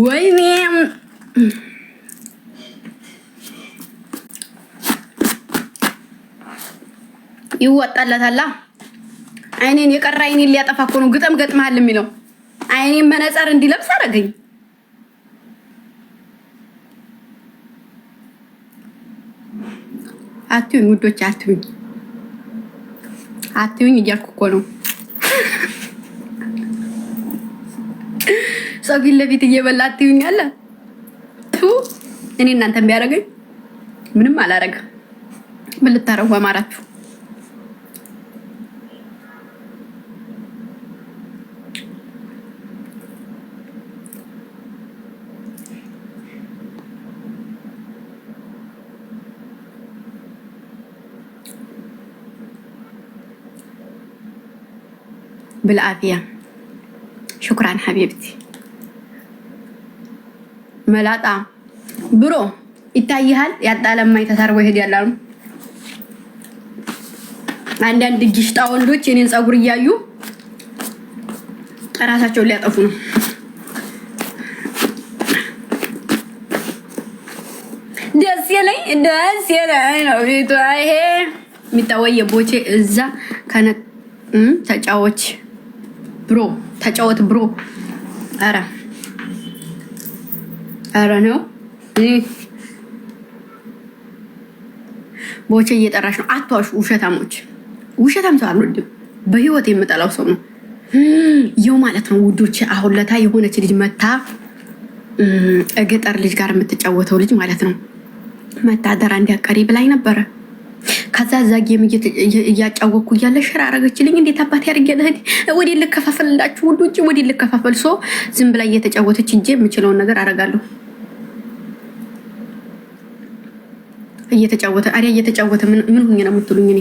ወይኔ ይወጣለታላ። አይኔን የቀረ አይኔን ሊያጠፋ እኮ ነው። ግጥም ገጥመሃል የሚለው አይኔን መነጽር እንዲለብስ አደረገኝ። አትዩኝ ውዶች፣ አትዩኝ፣ አትዩኝ እያልኩ እኮ ነው። ሰው ፊት ለፊት እየበላት አትዩኛለ። እኔ እናንተን ቢያደርገኝ ምንም አላረግም። ምን ልታረጉ አማራችሁ? ብልአፍያ ሽኩራን ሐቢብቲ መላጣ ብሮ ይታይሃል። ያጣለማ ተሳርቦ ይሄድ ያላሉ አንዳንድ ግሽጣ ወንዶች የኔን ፀጉር እያዩ እራሳቸውን ሊያጠፉ ነው። ደስ ይለኝ ደስ ይለኝ ነው ቤቱ። ይሄ የሚታወየ ቦቼ እዛ ተጫዎች ብሮ ተጫወት ብሮ አራ ኧረ ነው ቦቼ እየጠራሽ ነው። አቷሽ ውሸታሞች። ውሸታም ሰው አልወድም። በህይወት የምጠላው ሰው ነው። ይው ማለት ነው ውዶች። አሁን ለታ የሆነች ልጅ መታ እገጠር ልጅ ጋር የምትጫወተው ልጅ ማለት ነው መታደራ እንዲያቀሪ ብላኝ ነበረ። ከዛ እዛ ጌም እያጫወቅኩ እያለ ሽር አረገችልኝ። እንዴት አባት ያደርግ ያለህድ ወደ ልከፋፈል እንዳችሁ ውድ ውጭ ልከፋፈል ሶ ዝም ብላ እየተጫወተች እጄ የምችለውን ነገር አረጋለሁ። እየተጫወተ አዲያ እየተጫወተ ምን ሆኜ ነው የምትሉኝ እኔ?